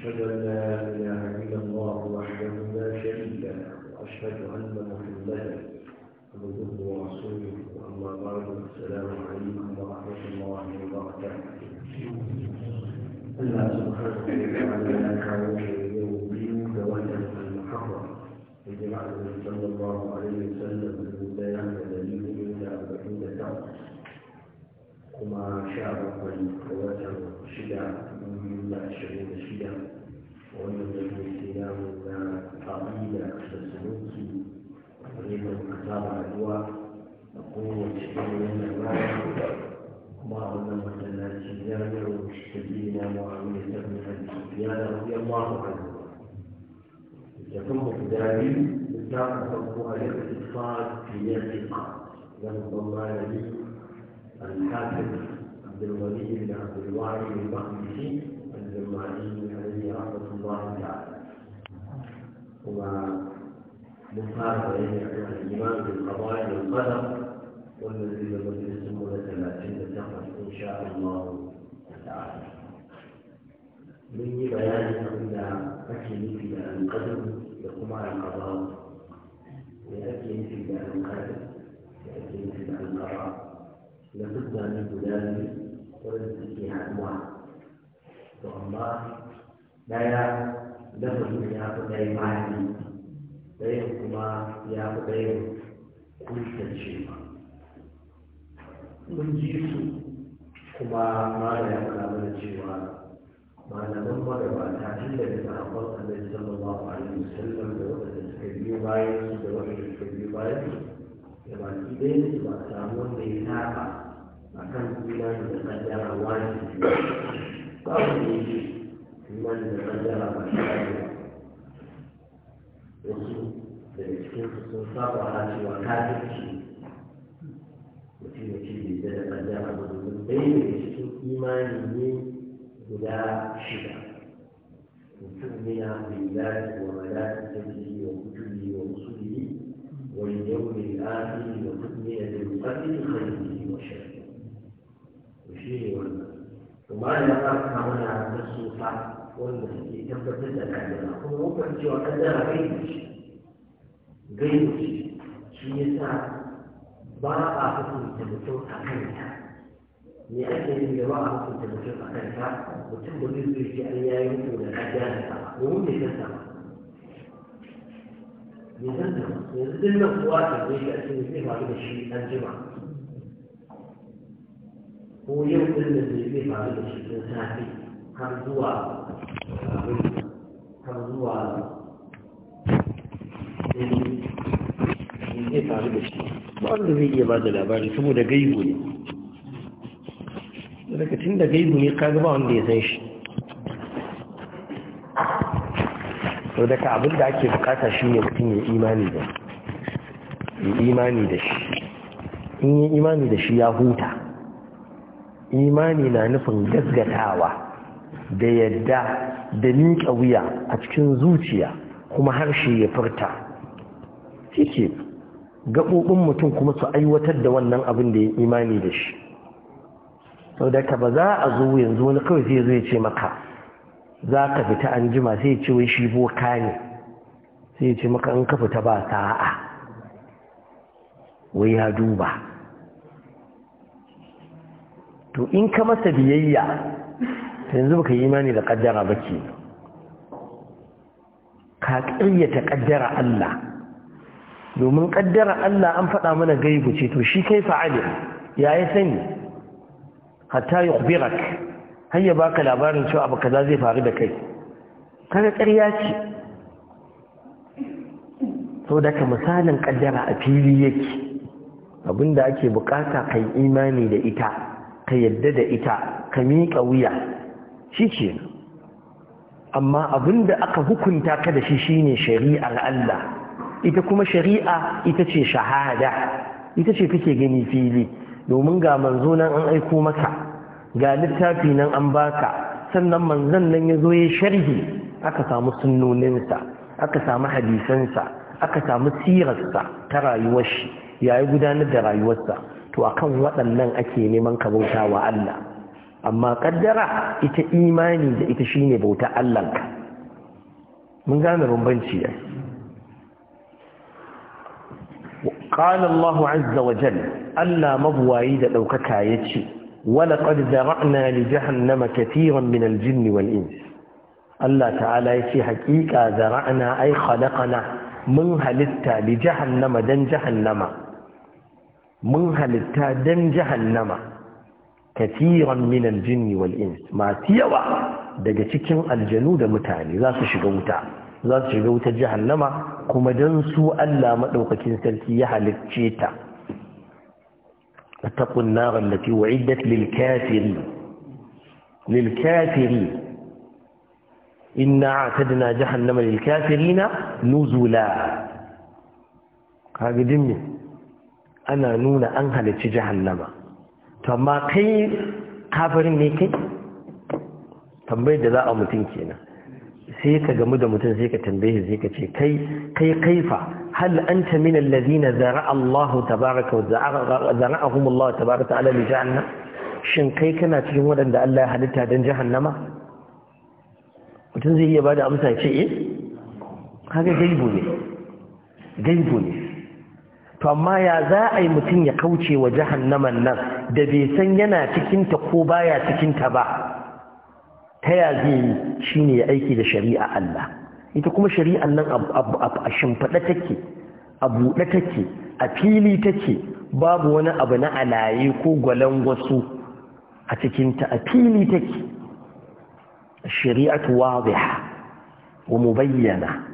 أشهد أن لا إله إلا الله وحده لا شريك له وأشهد أن محمدا عبده ورسوله أما بعد السلام عليكم ورحمة الله وبركاته الله سبحانه وتعالى تعالى يوم وجه المحرم وجمع صلى الله عليه وسلم من بيان دليل إلى أربعين سنة وما شاء ربنا وتر وشدا من لا شيء شدا ومن لم يسلم لا تعيد فسلوك ريب الكتاب الأدواء نقول شكرا لنا ما أظن مثلا الجامع سيدنا معاوية بن أبي سفيان رضي الله عنه يتم اقداري بالتاقة مقبولة الاتصال في يد لربما يليق الحافظ عبد الولي بن عبد الواعي المقدسي الجمعي عليه رحمة الله تعالى ومصارف بين عن الإيمان بالقضاء والقدر والذي يمد يسمون ثلاثين سنة إن شاء الله تعالى من بيان الى أكل في القدر يقوم على القضاء ويأكل في القدر يأكل في القضاء da mutane guda biyu wanda suke haɗuwa to amma ɗaya lafazin ya fi ɗaya bayani ɗayan kuma ya fi ɗayan kuntance mun ji su kuma mara ya faɗa mana cewa malaman magabata tun daga sahabban annabi sallallahu alaihi wasallam da waɗanda suka biyo bayan su da waɗanda suka biyo bayan su da baki ba akan imani da kaddara wajibi babu ne imani da kaddara ba wasu daga cikin su sun saba ana cewa kafirci mutum da ce bai da kaddara ba domin ɗaya daga cikin imani ne guda shida mutum yana billahi wa malaikatihi wa kutubihi wa rusulihi واليوم الآخر وتؤمن بالقدر خيره وشره shi ne wannan kuma da ba su samu na nasufa wanda suke tabbatar da kaddara kuma mukan cewa kaddara gaibu ce gaibu ce shi ya sa ba a hukunta mutum a kan kanta me ake yin da ba a hukunta mutum a kan ta mutum ba zai zai ce an yayi mutum da kaddara ba domin bai san sama bai san sama yanzu duk nan kuwa ta zai shi a cikin zai faru da shi an jima ko yau ɗin da zai zai faru da shi tun safe har zuwa har zuwa zai faru da shi ba wanda zai iya ba da labari saboda gaibu ne daga tun da gaibu ne ka ba wanda ya san shi sau da ka abin da ake bukata shi ne mutum ya imani da shi in yi imani da shi ya huta imani na nufin gaggatawa da yadda da niƙa wuya a cikin zuciya kuma harshe ya furta cike gaɓoɓin mutum kuma su aiwatar da wannan abin da ya imani da shi sau da ka ba za a zo yanzu wani kawai sai zo ya ce maka za ka fita an jima sai ce wai shi boka ne sai ce maka an ka fita ba sa'a wai ya duba to in ka masa biyayya ta yanzu baka yi imani da ƙaddara ba ke ka ƙaryata kaddara Allah domin kaddara Allah an faɗa mana gaibu ce to shi kai fa'ali ya yi sani hatta yi ƙubirak. har ya baka labarin cewa abu kaza zai faru da kai kaga ƙarya ce so daga misalin ƙaddara a fili yake abinda ake bukata kai imani da ita ka yadda da ita ka miƙa wuya shi ce amma da aka hukunta ka da shi shine shari'ar Allah ita kuma shari'a ita ce shahada ita ce kake gani fili domin ga manzo nan an aiko maka ga littafi nan an baka sannan manzon nan ya zo ya sharhi aka samu sunnoninsa aka samu hadisansa aka samu sirarsa ta rayuwar shi yayi gudanar da rayuwarsa to akan waɗannan ake neman ka bauta wa Allah amma kaddara ita imani da ita shine bauta Allah ka mun gane bambanci ya قال الله عز وجل ألا مبواي لأوكك يتشي ولقد ذرعنا لجهنم كثيرا من الجن والإنس Allah ta'ala ya ce haƙiƙa zara'ana ai khalaqana mun halitta li jahannama dan jahannama mun halitta dan jahannama katiran min aljin wal ins masu yawa daga cikin aljanu da mutane za su shiga wuta za su shiga wuta jahannama kuma dan su Allah maɗaukakin sarki ya halicce ta اتقوا النار التي وعدت للكافرين للكافرين jahannama اعتدنا جهنم nuzula. Ka هذا دمي ana nuna an halarci jahannama to amma kai kafirin ne kai tambayar da za a mutum kenan sai ka gamu da mutum sai ka tambaye sai ka ce kai kai kaifa hal anta min allazina zara Allah tabaaraka wa zara'ahum Allah tabaaraka ta'ala li jahannam shin kai kana cikin wadanda Allah ya halitta dan jahannama mutum zai iya bada amsa ce eh kaga gaibu ne gaibu ne to amma ya za a yi mutum ya kauce wa jahannaman nan da bai san yana cikinta ko baya cikinta ba ta ya zai yi shi ne ya aiki da shari'a Allah ita kuma shari'an nan a shimfaɗa take a buɗe take a fili take babu wani abu na alaye ko gwalangwasu a cikinta a fili take shari'atu wadiha wa mubayyana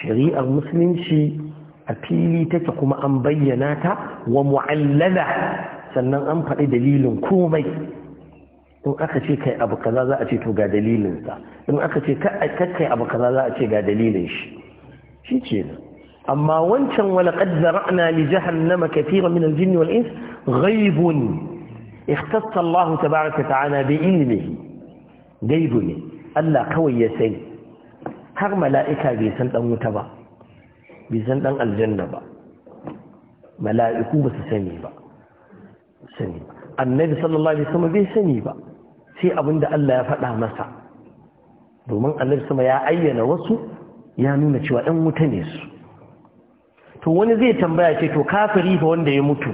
shari'ar musulunci a fili take kuma an bayyana ta wa mu'allala sannan an faɗi dalilin komai in aka ce kai abu kaza za a ce to ga sa. in aka ce kai abu kaza za a ce ga dalilin shi shi ce amma wancan wala qad zara'na li jahannama kathiran min al-jinn wal ins ghaibun ikhtassa Allah tabaaraka ta'ala bi ilmihi gaibu ne Allah kawai ya sani har mala'ika bai san dan wuta ba bai san ɗan aljanna ba mala'iku ba su sani ba sani annabi sallallahu alaihi wasallam bai sani ba sai da Allah ya faɗa masa domin annabi sama ya ayyana wasu ya nuna cewa ɗan wuta ne su to wani zai tambaya ce to kafiri fa wanda ya mutu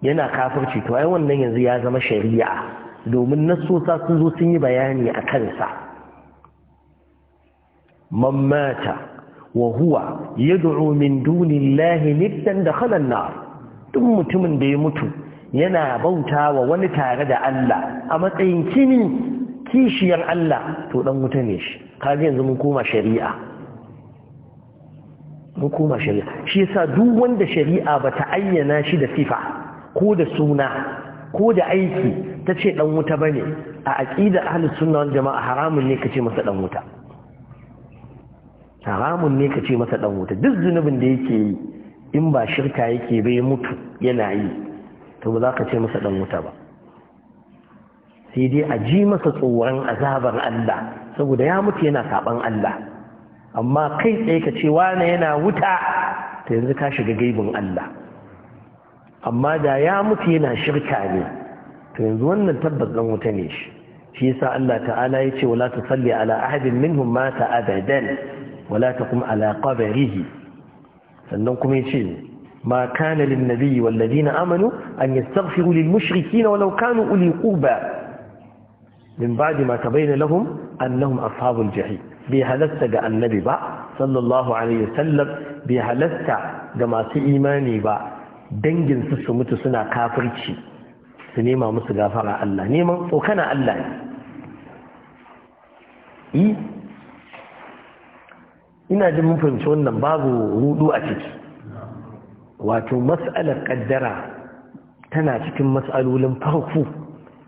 yana kafirci to ai wannan yanzu ya zama shari'a domin nasosa sun zo sun yi bayani a kansa man mata Wahuwa huwa yad'u min dunillahi niddan dakhala an-nar duk mutumin da ya mutu yana bauta wa wani tare da Allah a matsayin kishiyar Allah to dan wuta ne shi yanzu mun koma shari'a shi yasa duk wanda shari'a bata ayyana shi da sifa ko da suna ko da aiki ta ce ɗan wuta bane a aƙida ahalus sunna wal jama'a haramun ne ka ce masa ɗan wuta haramun ne ka ce masa ɗan wuta duk zunubin da yake yi in ba shirka yake bai mutu yana yi to ba za ka ce masa ɗan wuta ba sai dai a ji masa tsoron azabar Allah saboda ya mutu yana saban Allah amma kai tsaye ka ce wane yana wuta ta yanzu ka shiga gaibin Allah amma da ya mutu yana shirka ne to yanzu wannan tabbas dan wuta ne shi shi yasa Allah ta'ala ya ce wala tusalli ala ahadin minhum mata abadan wala taqum ala qabrihi sannan kuma yace ma kana lin nabiyyi wal ladina amanu an yastaghfiru lil mushrikeena walau kanu uli quba min ba'di ma tabayyana lahum annahum ashabul jahim Bai halasta ga annabi ba sallallahu alaihi sallam. Bai halasta ga masu imani ba dangin su su mutu suna kafirci su nema musu gafara Allah neman tsokana Allah ne ina jin mun fahimci wannan babu rudu a ciki wato mas'alar kaddara tana cikin mas'alolin farko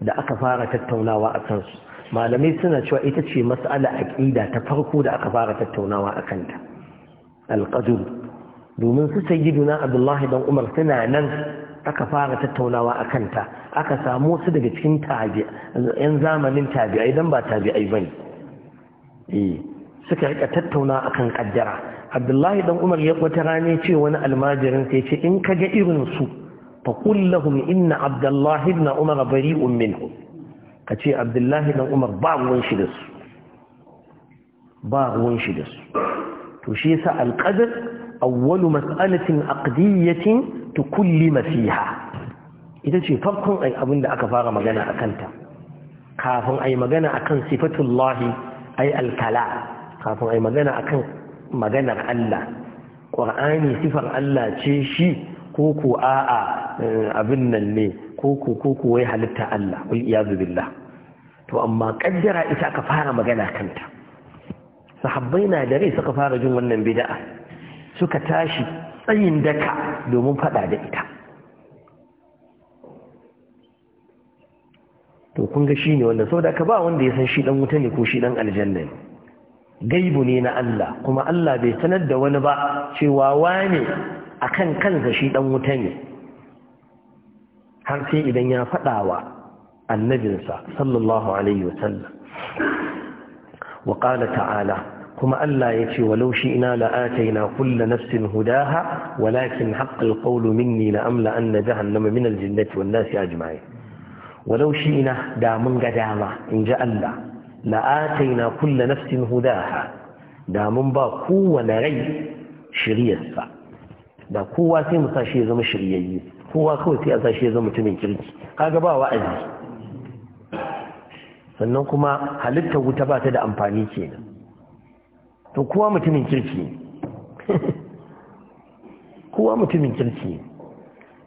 da aka fara tattaunawa a kansu malamai suna cewa ita ce mas'ala aqida ta farko da aka fara tattaunawa a kanta alqadar domin su sayyiduna abdullahi dan umar suna nan aka fara tattaunawa a kanta aka samu su daga cikin tabi'a yan zamanin tabi'ai dan ba tabi'ai bane eh suka rika tattauna akan kaddara abdullahi dan umar ya wata rane ce wani almajirin sai ce in ga irin su fa qul lahum inna abdullahi ibn umar bari'un minhu ce abdullahi dan umar ba ruwan shi da su ba ruwan shi da su to shi yasa alqadr awwalu mas'alatin aqdiyatin tukullima fiha ita ce farkon ai abin da aka fara magana akanta kafin ai magana akan sifatullahi ai alkala kafin a yi magana akan maganar Allah ƙwar'ani sifar Allah ce shi ko ku a'a eh, abin nan ne ko ku ko ku wai halitta Allah wal iyazu billah to amma kaddara ita aka fara magana kanta sahabbai na da rai suka fara jin wannan bida'a, suka tashi tsayin daka domin fada da ita to kun ga shine wannan saboda ka ba wanda ya san shi dan wuta ne ko shi dan aljanna ne gaibu ne na Allah kuma Allah bai sanar da wani ba cewa wane akan kansa shi dan wuta ne har sai idan ya faɗawa annabinsa sallallahu alaihi wasallam wa qala ta'ala kuma Allah ya ce walau shi ina la'ataina kulla nafsin hudaha walakin haqqal qawlu minni la'amla anna jahannama min aljinnati jinnati wan nasi ajma'in walau shi ina da mun ga dama in ji Allah la'ataina kulla nafsin hudaha da mun ba kowane rai shiryarsa da kowa sai mu sashi ya zama shiryayye kowa kawai sai a sashi ya zama mutumin kirki kaga ba wa'azi sannan kuma halitta wuta ba ta da amfani kenan to kowa mutumin kirki kowa mutumin kirki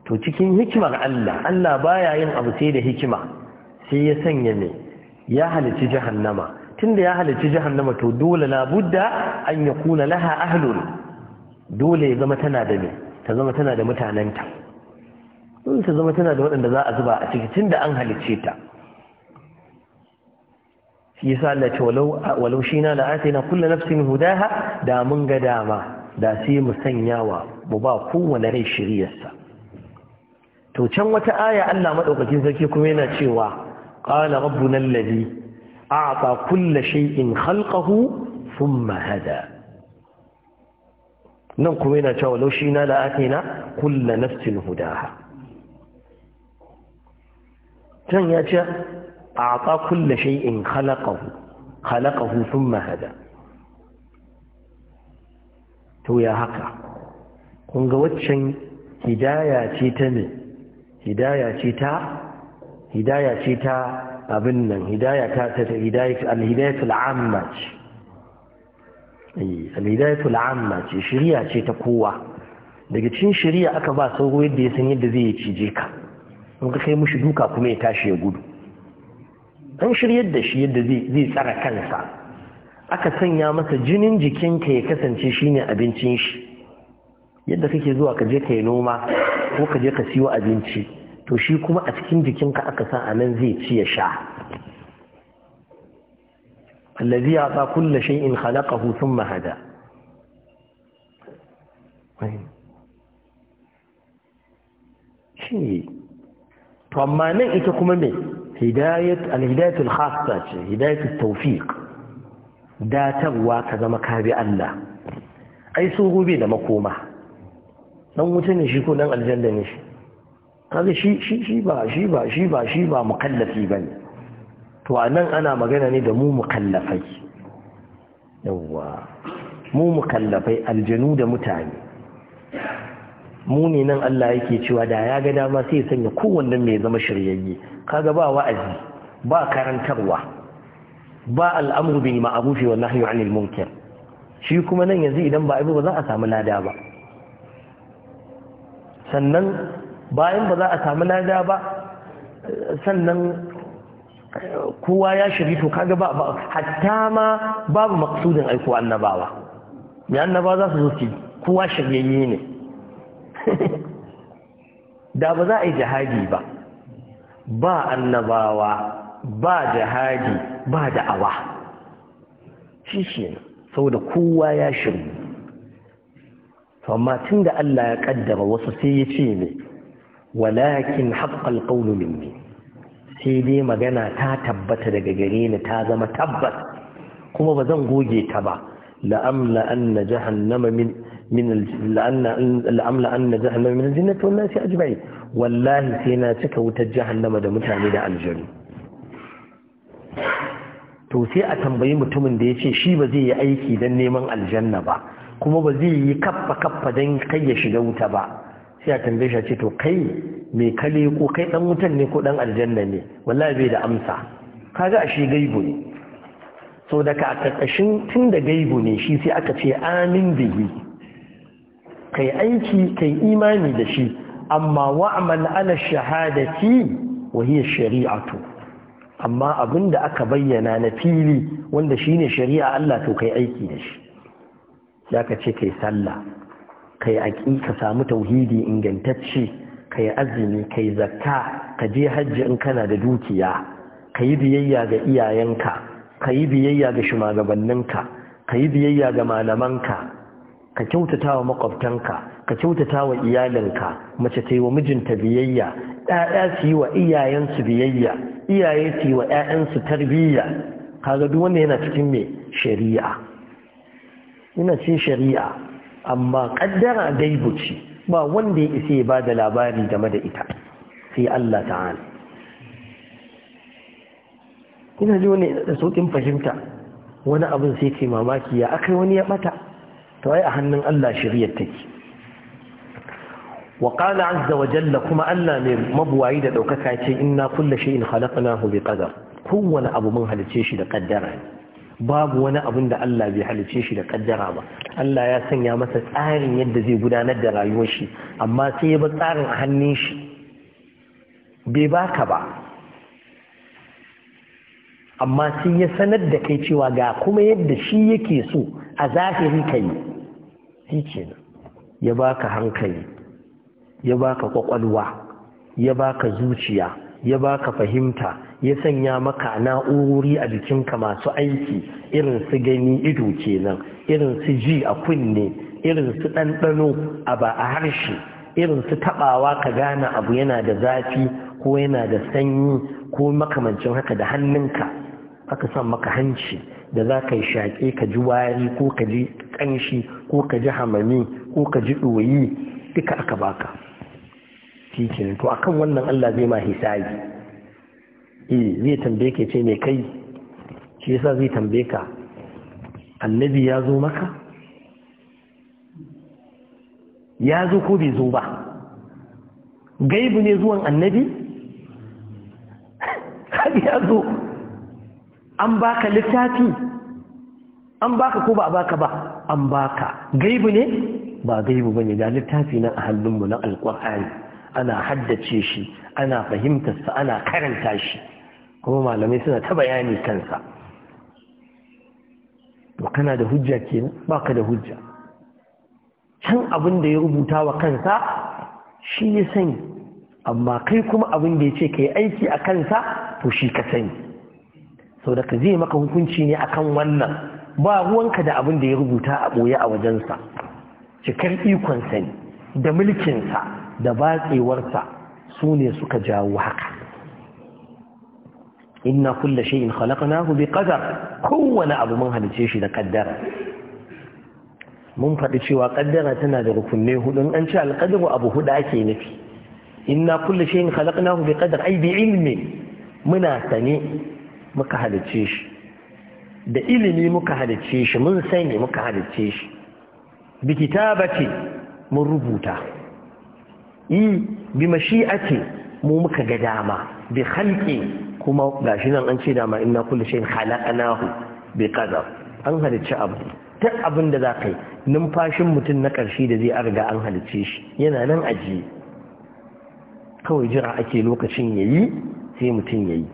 to cikin hikimar Allah Allah baya yin abu sai da hikima sai ya sanya ne ya halici jahannama tunda ya halici jahannama to dole labudda an yakuna laha ahlun dole ya zama tana da me ta zama tana da mutanenta dole ta zama tana da waɗanda za a zuba a ciki tunda an halice ta shi yasa Allah ce walau walau shina la atina kullu nafsin hudaha da mun ga dama da sai mu sanyawa mu ba kowane rai shiriyarsa to can wata aya Allah madaukakin sarki kuma yana cewa qala rabbuna alladhi a'ta kulla shay'in khalqahu thumma hada nan kuma yana cewa law shi na la atina kulla nafsin hudaha can ya ce a'ta kulla shay'in khalaqahu khalaqahu thumma hada to ya haka kun ga waccan hidaya ta ce ta hidaya ce ta abin nan hidaya ta ta hidayatu amma ce eh, al amma ce shari'a ce ta kowa daga cikin shari'a aka ba sauro yadda ya san yadda zai cije ka in ka kai mushi duka kuma ya tashi ya gudu an shiryar da shi yadda zai tsara kansa aka sanya masa jinin jikinka ya kasance shine abincin shi yadda kake zuwa ka je ka yi noma ko ka je ka siyo abinci to shi kuma a cikin jikinka aka sa a nan zai ci ya sha allazi ya ta kulla shay'in khalaqahu thumma Mahada. shi to amma nan ita kuma mai hidayat alhidayatul hidayat khassa ce hidayat tawfiq datarwa ka zama ka bi Allah ai su gobe da makoma dan wuta ne shi ko dan aljanna ne shi kaga shi shi shi ba shi ba shi ba shi ba mukallafi bane to anan ana magana ne da mu mukallafai yawa mu mukallafai aljanu da mutane mu ne nan Allah yake cewa da ya ga dama sai ya sanya kowanne mai zama shiryayye kaga ba wa'azi ba karantarwa ba al'amru bil ma'ruf wa nahyu 'anil munkar shi kuma nan yanzu idan ba abu ba za a samu lada ba sannan bayan ba za a samu lada ba sannan kowa ya shiri to kaga ba hatta ma babu maksudin aiko annabawa mai annaba za su zo kowa shiryayye ne da ba za a yi jihadi ba ba annabawa ba jihadi ba da'awa shi shi saboda kowa ya shirya amma tun da Allah ya kaddara wasu sai ya ce ne walakin haƙƙal qawlu minni sai dai magana ta tabbata daga gare ni ta zama tabbas kuma ba zan goge ta ba la'amla anna jahannama min jahannama min aljannati nasi wallahi sai na cika wutar jahannama da mutane da aljanu to sai a tambayi mutumin da ya ce shi ba zai yi aiki don neman aljanna ba kuma ba zai yi kaffa kaffa don kai ya shiga wuta ba sai a tambaye shi ce to kai mai kale ko kai dan wutan ne ko dan aljanna ne wallahi bai da amsa kaga ashe gaibu ne so daga a karkashin tun da gaibu ne shi sai aka ce amin bihi kai aiki kai imani da shi amma wa'mal ala shahadati wa hiya shari'atu amma da aka bayyana na fili wanda shine shari'a Allah to kai aiki da shi ya ka ce kai sallah kai aƙi ka samu tauhidi ingantacce kai azumi kai zakka ka je hajji in kana da dukiya ka yi biyayya ga iyayenka ka yi biyayya ga shugabanninka ka yi biyayya ga malamanka ka kyautata wa makwabtanka ka kyautata wa iyalinka mace ta yi wa mijinta biyayya ɗaya su yi wa iyayensu biyayya iyaye su yi wa ƴaƴansu tarbiyya kaga duk wanda yana cikin me shari'a yana cin shari'a amma kaddara gaibu ce ba wanda ya isa ya ba da labari game da ita sai Allah ta'ala ina ji wani da saukin fahimta wani abin sai ke mamaki ya aka wani ya bata to ai a hannun Allah shiriyar take wa qala azza wa jalla kuma Allah mai mabuwayi da daukaka ce inna kullu shay'in khalaqnahu bi qadar kowane abu mun halice shi da kaddara ne babu wani abin da Allah bai halice shi da kaddara ba Allah ya sanya masa tsarin yadda zai gudanar da rayuwar shi amma sai ya bar tsarin a hannun shi bai baka ba amma sai ya sanar da kai cewa ga kuma yadda shi yake so a zahiri kai shi kenan ya baka hankali ya baka kwakwalwa ya baka zuciya ya baka fahimta ya sanya maka na'urori a jikinka masu aiki irin su gani ido kenan irin su ji a kunne irin su ɗanɗano a ba a harshe irin su taɓawa ka gane abu yana da zafi ko yana da sanyi ko makamancin haka da hannunka aka san maka hanci da za ka yi shaƙe ka ji wari ko ka ji ƙanshi ko ka ji hamami ko ka ji ɗoyi duka aka baka shi to akan wannan Allah zai ma hisabi E, zai tambaye ka ce mai kai shi yasa zai tambaye ka annabi ya zo maka ya zo ko bai zo ba gaibu ne zuwan annabi har ya zo an baka littafi an baka ko ba a baka ba an baka gaibu ne ba gaibu bane ga littafi na ahallinmu na alkur'ani ana haddace shi ana fahimtarsa ana karanta shi kuma malamai suna ta bayani kansa to kana da hujja Ba baka da hujja can abin da ya rubuta wa kansa shi ya sani amma kai kuma abin da ya ce ka yi aiki a kansa to shi ka sani sau da ka zai maka hukunci ne akan wannan ba ruwanka da abin da ya rubuta a ɓoye a wajensa cikar ikon sani, da mulkinsa da batsewarsa su ne suka jawo haka inna kulla shay'in khalaqnahu bi qadar kowane abu mun halice shi da kaddara mun faɗi cewa kaddara tana da rukunne hudu an ce alkadaru abu hudu ake nufi inna kulla in khalaqnahu bi qadar ai bi ilmi muna sane muka halice shi da ilimi muka halicce shi mun sani muka halicce shi bi kitabati mun rubuta yi bi mashi'ati mu muka ga dama bi khalqi kuma ga shi nan an ce da ma inna kullu shay'in khalaqnahu bi qadar an halicci abu duk abin da za numfashin mutum na karshe da zai arga an halicce shi yana nan aji kawai jira ake lokacin yayi sai mutum yayi yi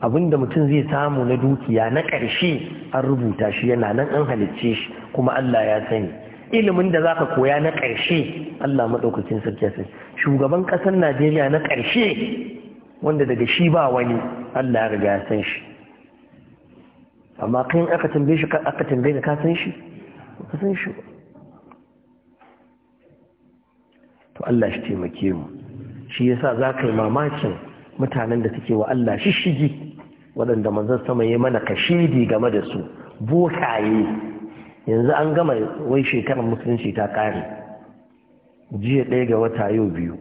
abin da mutum zai samu na dukiya na karshe an rubuta shi yana nan an halicce shi kuma Allah ya sani ilimin da zaka koya na karshe, Allah maɗaukacin sarki ya sani shugaban ƙasar Najeriya na karshe. wanda daga shi ba wani Allah ya riga ya san shi amma kan aka tambaye shi aka tambaye ka san shi ka san shi to Allah shi taimake mu shi yasa za ka yi mamakin mutanen da suke wa Allah shishigi waɗanda manzon sama ya mana kashidi game da su bokaye yanzu an gama wai shekarar musulunci ta ƙare jiya ɗaya ga wata yau biyu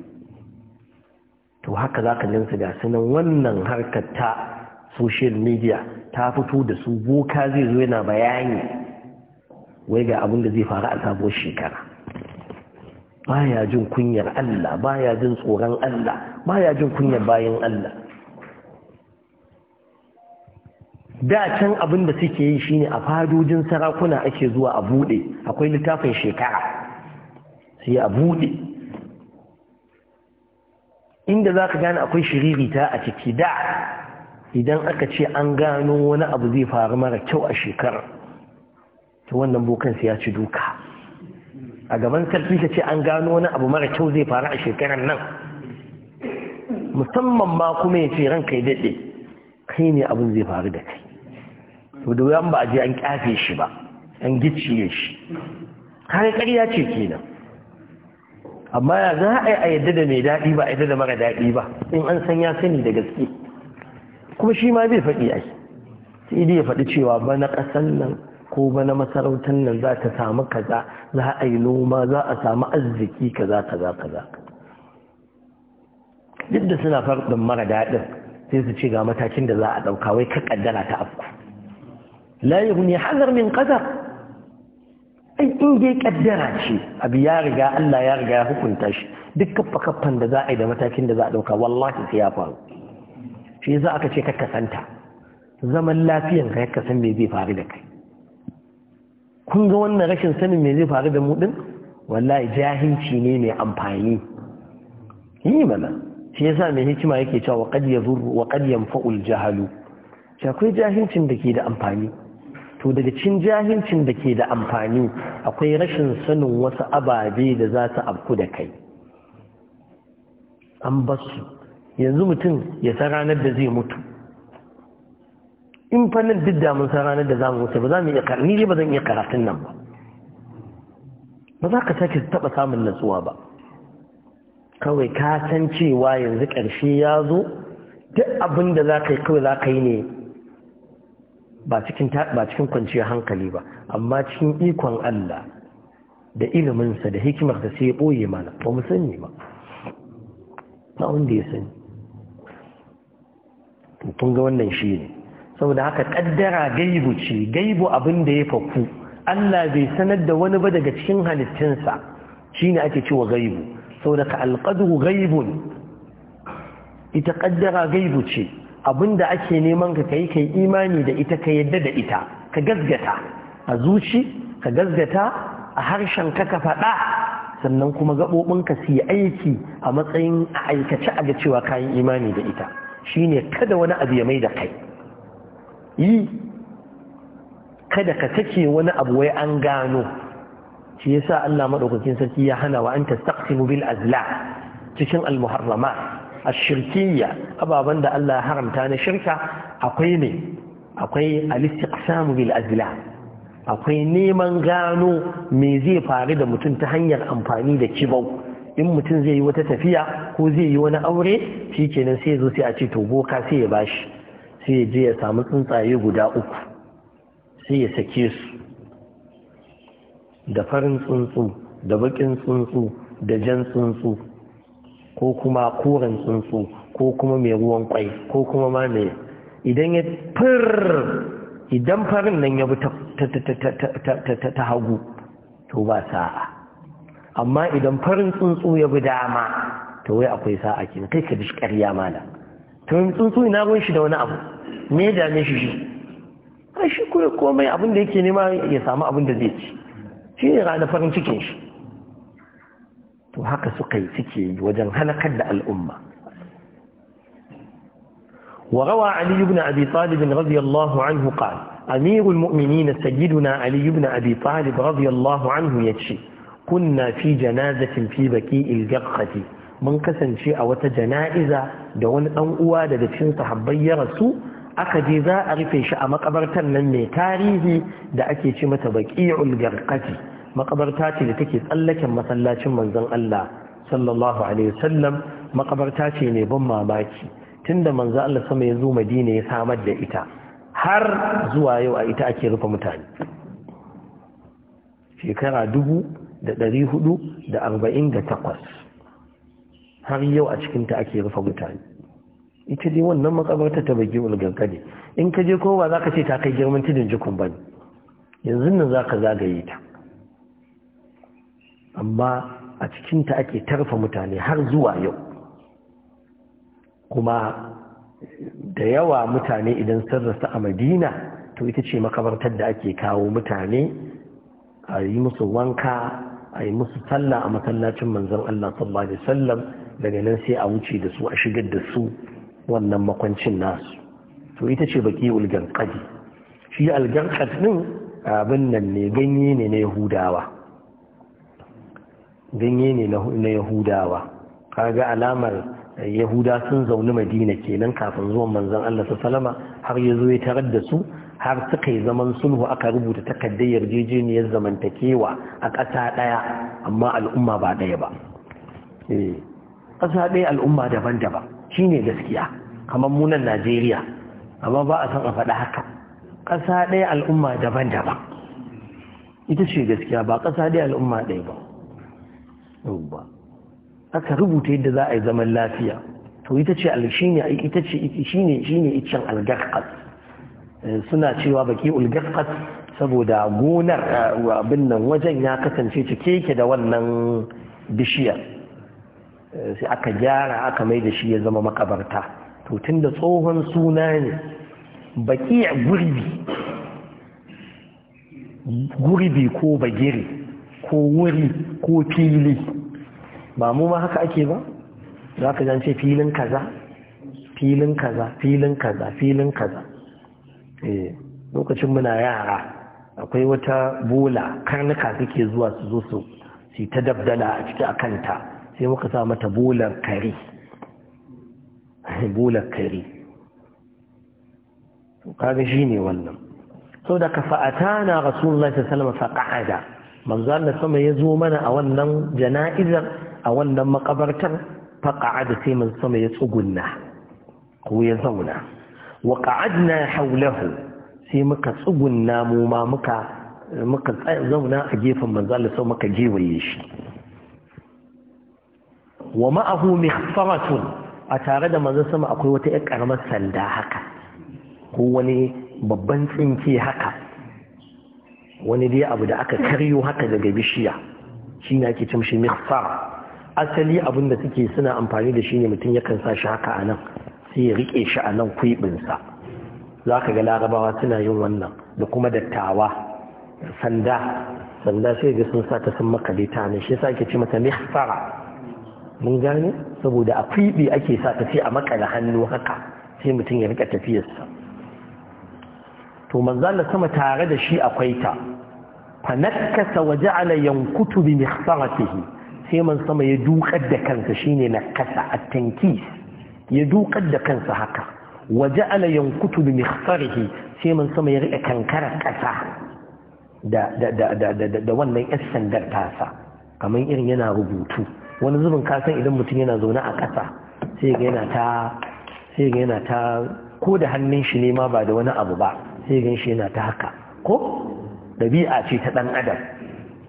to haka za ka gansu ga sunan wannan harkar ta social media ta fito da su boka zai zo yana bayani wai ga abin da zai faru a sabuwar shekara baya jin kunyar Allah baya jin tsoron Allah baya jin kunyar bayan Allah da can abin da suke yi shine a fadojin sarakuna ake zuwa a bude akwai littafin shekara sai a bude inda za ka gane akwai shiririta a ciki da idan aka ce an gano wani abu zai faru mara kyau a shekarar ta wannan bokansa ya ci duka a gaban sarki ka ce an gano wani abu mara kyau zai faru a shekarar nan musamman ma kuma ya ce ran kai daɗe kai ne abin zai faru da kai to da wuyan ba a je an kyafe shi ba an gicciye shi kare ƙarya ce kenan amma ya za a yi a yadda da mai daɗi ba a yadda da mara daɗi ba in an san ya sani da gaske kuma shi ma zai faɗi ai sai dai ya faɗi cewa bana ƙasan nan ko bana masarautar nan za ta samu kaza za a yi noma za a samu arziki kaza kaza kaza duk da suna farɗin mara daɗin sai su ce ga matakin da za a ɗauka wai ka ƙaddara ta afku la yughni hazar min qadar ai in dai kaddara ce abu ya riga Allah ya riga ya hukunta shi duk kaffa kaffan da za a yi da matakin da za a dauka wallahi sai ya faru shi yasa aka ce kakka zaman lafiyan ka yakka san me zai faru da kai kun ga wannan rashin sanin me zai faru da mu din wallahi jahilci ne mai amfani yi mana shi yasa mai hikima yake cewa wa qad yazur wa qad yanfa'ul al jahalu akwai jahilcin da ke da amfani to daga cin jahincin da ke da amfani akwai rashin sanin wasu ababe da za su abku da kai an basu yanzu mutum ya san ranar da zai mutu in fannin duk da mun san ranar da za mu mutu ba za mu iya karni ba zan iya karatun nan ba ba za ka sake taɓa samun natsuwa ba kawai ka san cewa yanzu ƙarshe ya zo duk abin da za ka yi kawai za ka yi ne ba cikin kwanciyar hankali ba amma cikin ikon Allah da iliminsa da hikimar da sai ya ɓoye mana ba mu sani ba ba wanda ya sani tun ga wannan shi ne saboda haka kaddara gaibu ce gaibu abin da ya faku Allah bai sanar da wani ba daga cikin halittinsa shine ake cewa gaibu saboda ka alqadu gaibun ita kaddara gaibu ce abinda ake neman ka kai kai imani da ita ka yadda da ita ka gazgata a zuci ka gazgata a harshen ka ka faɗa sannan kuma gaɓoɓinka su yi aiki a matsayin a aikace a ga cewa kayan imani da ita shine kada wani abu ya mai da kai yi kada ka take wani abu wai an gano shi yasa Allah madaukakin sarki ya hana wa an tastaqsimu bil azla cikin al muharramat ashirkiyya ababen da Allah haramta na shirka akwai ne akwai الاستقسام istiqsamu bil azla akwai neman gano me zai faru da mutum ta hanyar amfani da kibau in mutum zai yi wata tafiya ko zai yi wani aure shi kenan sai zo sai a ce to boka sai ya bashi sai ya je ya samu tsuntsaye guda uku sai ya sake su da farin tsuntsu da bakin tsuntsu da jan tsuntsu ko kuma koren tsuntsu ko kuma mai ruwan kwai ko kuma ma mai idan ya fir idan farin nan ya bi ta hagu to ba sa'a amma idan farin tsuntsu ya bi dama to wai akwai sa'a ke kai ka dishi ƙarya mana to tsuntsu ina ruwan shi da wani abu me da dame shi shi a shi kuma komai abin da yake nema ya samu abin da zai ci shi ne ranar farin cikin shi to haka suka yi suke yi wajen halakar da al’umma. wa rawa Ali ibn Abi Talib radiyallahu anhu qal amirul mu'minin sayyiduna Ali ibn Abi Talib radiyallahu anhu yace kunna fi janazatin fi baqi'il jaqqati mun kasance a wata jana'iza da wani dan uwa da dacin sahabbai ya rasu aka je za a rufe shi a makabartar nan mai tarihi da ake ci mata baqi'ul jaqqati makabarta ce da take tsallaken masallacin manzon Allah sallallahu alaihi wasallam makabarta ce mai ban mamaki tunda manzon Allah sama ya zo Madina ya samar da ita har zuwa yau a ita ake rufe mutane shekara dubu da ɗari hudu da arba'in da takwas har yau a cikinta ake rufe mutane ita dai wannan makabarta ta bagi ulgankade in ka je kowa za ka ce ta kai girman tudun jikun ba ne yanzu nan za ka zagaye ta amma a cikinta ake tarfa mutane har zuwa yau kuma da yawa mutane idan sun rasu a madina to ita ce makabartar da ake kawo mutane a yi musu wanka a yi musu sallah a masallacin manzon Allah sallallahu alaihi wasallam daga nan sai a wuce da su a shigar da su wannan makwancin nasu to ita ce baki ulgan qadi shi algan qad din abin nan ne ganye ne na yahudawa ganye ne na yahudawa kaga alamar yahuda sun zauna madina kenan kafin zuwan manzon Allah sallama har ya zo ya tarar da su har suka yi zaman sulhu aka rubuta takardar yarjejeniyar zamantakewa a ƙasa ɗaya amma al'umma ba ɗaya ba eh, ƙasa ɗaya al'umma daban-daban shine gaskiya kamar munan najeriya amma ba a san a faɗa haka ƙasa ɗaya al'umma daban-daban ita ce gaskiya ba ƙasa ɗaya al'umma ɗaya ba yauwa aka rubuta yadda za a yi zaman lafiya to ita ce alshine ita ce shine shine iccen eh, suna cewa baki ulgaqas saboda gonar eh, abin nan wajen ya kasance cike yake da wannan bishiyar eh, sai aka gyara aka mai da shi ya zama makabarta to tunda tsohon suna ne baki gurbi gurbi ko bagiri ko wuri ko fili ba mu ma haka ake ba za ka zance filin kaza filin kaza filin kaza filin kaza eh, lokacin muna yara akwai wata bola karnuka suke zuwa su zo su si ta dabdala a ciki a kanta sai muka sa mata bolar kare bolar kare kaga shi ne wannan sau da ka fa'ata na rasulullah sallallahu alaihi wasallam qa'ada manzo Allah sama ya zo mana a wannan jana'izar a wannan makabartar faƙa'ada sai mun sama ya tsugunna ko ya zauna wa qa'adna hawlahu sai muka tsugunna mu ma muka muka zauna a gefen manzo Allah sai muka jewaye shi wa ma'ahu mikhfaratun a tare da manzo sama akwai wata yar karamar sanda haka ko wani babban tsinke haka wani dai abu da aka karyo haka daga bishiya shi ne ake cimshi mikhfara asali abin da suke suna amfani da shi ne mutum yakan sa shi haka a nan sai ya rike shi a nan kwiɓinsa za ka ga larabawa suna yin wannan da kuma dattawa sanda sanda sai ga sun sa ta sun makale ta ne shi sa ke ce mata mihfara mun gane saboda a kwiɓi ake sa ta a makale hannu haka sai mutum ya rika tafiyarsa to manzala sama tare da shi akwai ta fa nakkasa wa yankutu bi mihfaratihi sai man sama ya dukar da kansa shine na kasa a tanki ya dukar da kansa haka Waje kutu bi mikhsarihi sai man sama ya rika kankarar kasa da wannan yan sandar tasa kamar irin yana rubutu wani zubin kasan idan mutum yana zaune a kasa sai ga yana ta sai ga yana ta ko da hannun shi ne ma ba da wani abu ba sai ga shi yana ta haka ko dabi'a ce ta ɗan adam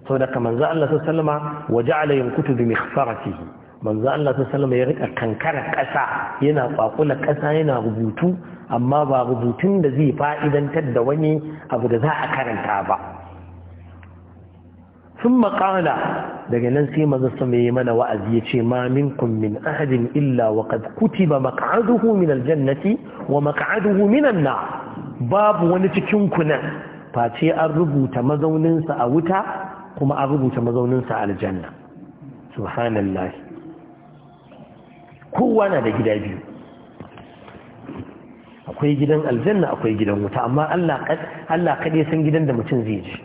sau da ka manzo Allah sallama wa ja'ala yankutu bi mikhfaratihi manzo Allah sallama ya rika kankara ƙasa yana kwakula ƙasa yana rubutu amma ba rubutun da zai fa'idantar da wani abu da za a karanta ba Tun قال daga nan sai manzo sallama ya mana wa'azi ya ce ma minkum min ahadin illa wa qad kutiba maq'aduhu min aljannati wa maq'aduhu min na, babu wani cikin ku nan face an rubuta mazauninsa a wuta kuma an rubuta mazauninsa aljanna subhanallah kowa na da gida biyu akwai gidan aljanna akwai gidan wuta amma Allah kaɗai san gidan da mutum zai ji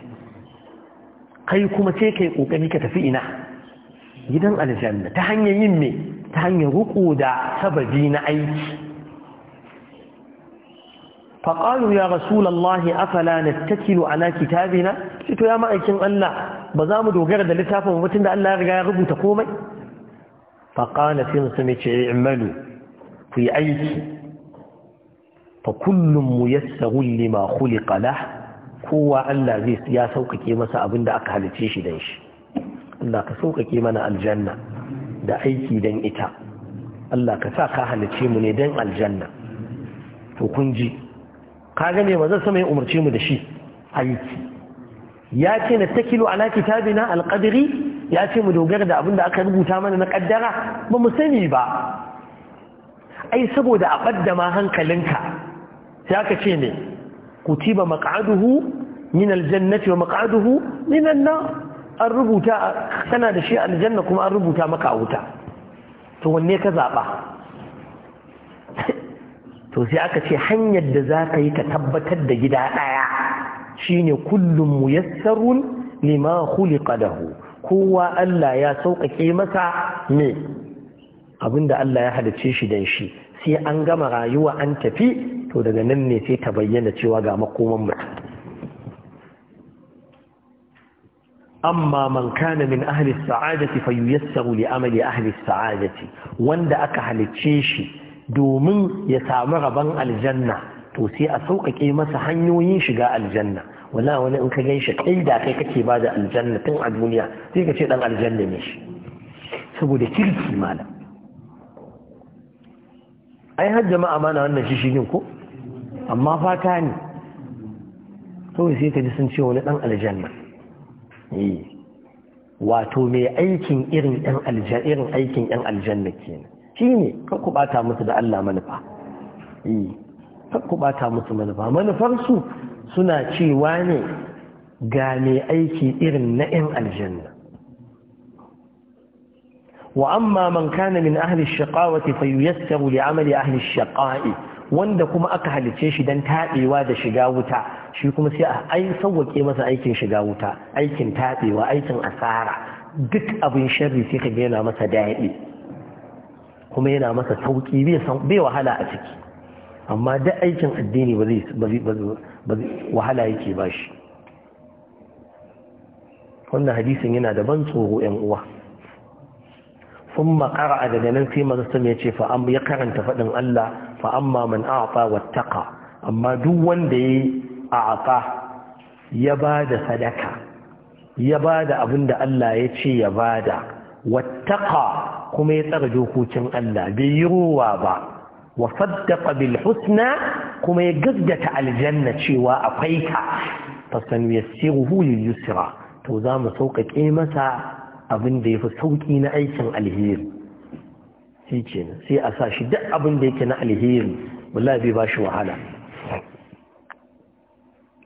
kai kuma ce kai ƙoƙari ka tafi ina gidan aljanna ta hanyar yin me ta hanyar ruku da sababi na aiki faƙalu ya rasulallahi afala na takilu ala kitabina shi to ya ma'aikin Allah ba za mu dogara da littafin mutum da Allah ya riga ya rubuta komai faƙana sai musu mace ce imalu ku yi aiki fa kullum mu yassaru ma khuliqa lah kowa Allah zai ya sauƙaƙe masa abin da aka halice shi dan shi Allah ka sauƙaƙe mana aljanna da aiki don ita Allah ka sa ka halice mu ne dan aljanna to kun ji ka gane ba zan sama ya umarce mu da shi aiki ya ce na takilu ala kitabina alqadri ya ce mu dogara da abin da aka rubuta mana na kaddara ba mu sani ba ai saboda a baddama hankalinka sai aka ce ne kutiba maq'aduhu min aljannati wa maq'aduhu min an-nar an rubuta kana da shi aljanna kuma an rubuta maka a wuta to wanne ka zaɓa to sai aka ce hanyar da za ka yi ka tabbatar da gida ɗaya. shine kullum muyassarun lima khuliqa lahu kowa Allah ya sauƙaƙe masa me abinda Allah ya halice shi dan shi sai an gama rayuwa an tafi to daga nan ne sai ta bayyana cewa ga makoman mutum amma man kana min ahli sa'adati fayuyassaru li amali ahli sa'adati wanda aka halicce shi domin ya samu rabon aljanna to sai a sauƙaƙe masa hanyoyin shiga aljanna wala wani in ka gan shi kai da kai kake ba da aljanna tun a duniya sai ka ce dan aljanna ne shi saboda kirki malam ai har jama'a mana wannan shi shigin ko amma fata ne kawai sai ka ji sun ce wani dan aljanna eh. wato mai aikin irin yan aljanna irin aikin yan aljanna kenan shine ka ku bata musu da Allah manufa eh ka ku bata musu manufa manufar su suna cewa ne ga mai aiki irin na 'yan aljanna Wa وأما من ahli من أهل الشقاوة فييسر لعمل أهل الشقاء wanda kuma aka halice shi don taɓewa da shiga wuta shi kuma sai a ai sauwake masa aikin shiga wuta aikin taɓewa aikin asara duk abin sharri sai ka yana masa daɗi kuma yana masa sauƙi bai wahala a ciki amma duk aikin addini ba zai wahala yake ba shi wannan hadisin yana da ban tsoro yan uwa sun makara daga nan sai marasam ya ce ya karanta faɗin Allah fa'amma man a'afa wattaka amma duk wanda ya yi a'afa ya ba da sadaka ya ba da abin da Allah ya ce ya ba da wattaka kuma ya tsara dokokin Allah bai yi ruwa ba wa da bil husna kuma ya gaggata aljanna cewa akwai ta fasan yassiruhu lil yusra to za mu sauƙaƙe masa abin da yafi sauƙi na aikin alheri shi kenan sai a sa shi duk abin da yake na alheri wallahi bai bashi wahala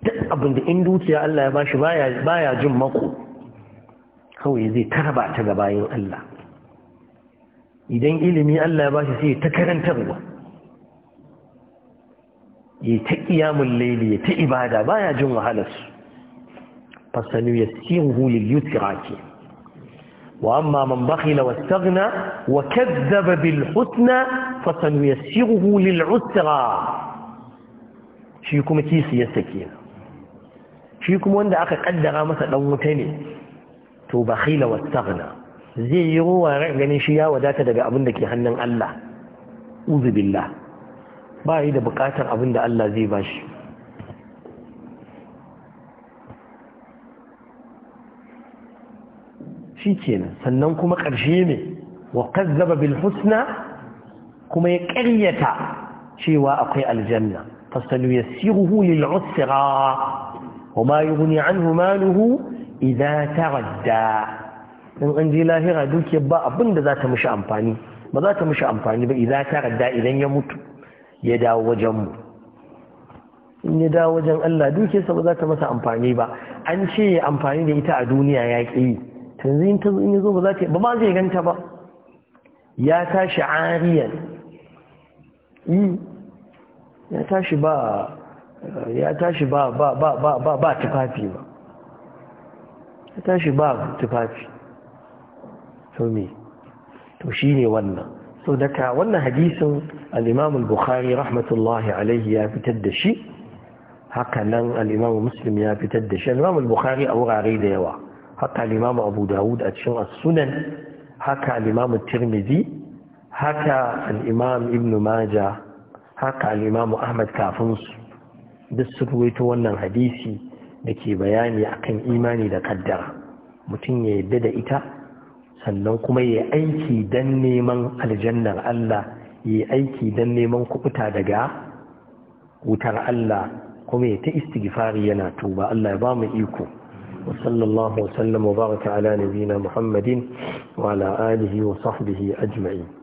duk abin da in dukiya Allah ya bashi baya jin mako kawai zai tarba ta ga bayan Allah idan ilimi Allah ya bashi sai ta karantarwa ya ta ƙiyamun laili ya ta ibada baya jin wahalarsu fasanu ya siruhu lil yusra ke wa amma man bakhila wastaghna wa kadhaba bil husna fasanu yassiruhu lil usra shi kuma kisi ya sake shi kuma wanda aka kaddara masa dan wuta ne to bakhila wastaghna zai yi ruwa ganin shi ya wadata daga abin da ke hannun Allah uzubillah billah ba yi da bukatar abin da Allah zai ba shi shi kenan sannan kuma ƙarshe ne wa kazzaba bil husna kuma ya ƙaryata cewa akwai aljanna fasalu yassiruhu lil usra wa ma yughni anhu maluhu idza taradda in an je lahira dukiyar ba abin da za ta mishi amfani ba za ta mishi amfani ba idza taradda idan ya mutu ya dawo wajenmu in ya dawo wajen Allah sa ba za ta masa amfani ba an ce ya amfani da ita a duniya ya ƙi yi yanzu in ta in ya zo ba za ta ba ma zai ganta ba ya tashi ariyan hmm. ya tashi ba ya tashi ba ba ba ba ba ba tufafi ba ya tashi ba tufafi to me to shine wannan so daga wannan hadisin al al-bukhari rahmatullahi alaihi ya fitar da shi haka nan al muslim ya fitar da shi al al-bukhari a wurare da yawa haka al abu dawud a cikin sunan haka al-imam tirmidhi haka al'imam imam ibn maja haka al'imam ahmad kafin su duk su ruwaito wannan hadisi da ke bayani akan imani da kaddara mutum ya yadda da ita sannan kuma ya aiki don neman aljannar Allah ya aiki don neman kuɓuta daga wutar Allah kuma ya ta istighfari yana tuba Allah ya ba mu iko wa sallallahu wa sallam wa baraka ala nabiyina Muhammadin wa ala alihi wa sahbihi ajma'in